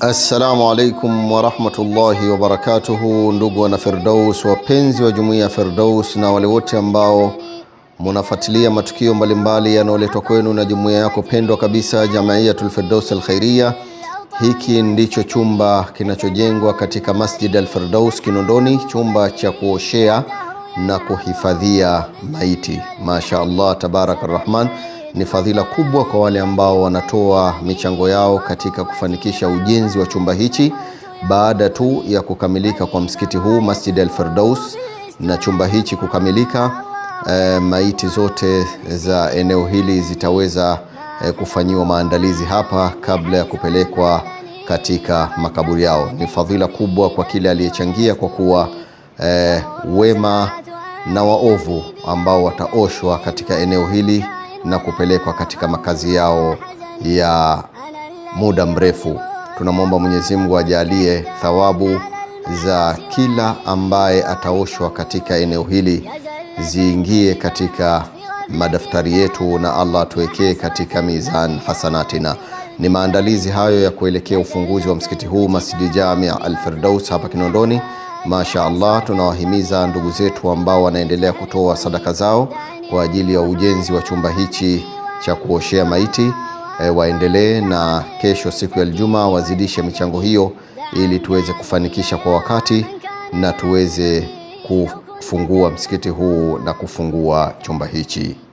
Assalamu alaikum warahmatullahi wabarakatuhu, ndugu wana Firdaus, wapenzi wa jumuiya ya Firdaus na wale wote ambao munafuatilia matukio mbalimbali yanayoletwa kwenu na jumuiya yako pendwa kabisa Jamiatul Firdaus Al Khairia. Hiki ndicho chumba kinachojengwa katika Masjid Al Firdaus Kinondoni, chumba cha kuoshea na kuhifadhia maiti. Masha Allah, tabarak rahman ni fadhila kubwa kwa wale ambao wanatoa michango yao katika kufanikisha ujenzi wa chumba hichi baada tu ya kukamilika kwa msikiti huu Masjid Al Firdaus na chumba hichi kukamilika, e, maiti zote za eneo hili zitaweza e, kufanyiwa maandalizi hapa kabla ya kupelekwa katika makaburi yao. Ni fadhila kubwa kwa kile aliyechangia, kwa kuwa e, wema na waovu ambao wataoshwa katika eneo hili na kupelekwa katika makazi yao ya muda mrefu. Tunamwomba Mwenyezi Mungu ajalie thawabu za kila ambaye ataoshwa katika eneo hili ziingie katika madaftari yetu, na Allah atuwekee katika mizan hasanatina. Ni maandalizi hayo ya kuelekea ufunguzi wa msikiti huu Masjidi Jamia Alfirdaus hapa Kinondoni. Masha Allah, tunawahimiza ndugu zetu ambao wanaendelea kutoa sadaka zao kwa ajili ya ujenzi wa chumba hichi cha kuoshea maiti e, waendelee na kesho, siku ya Ijumaa, wazidishe michango hiyo ili tuweze kufanikisha kwa wakati na tuweze kufungua msikiti huu na kufungua chumba hichi.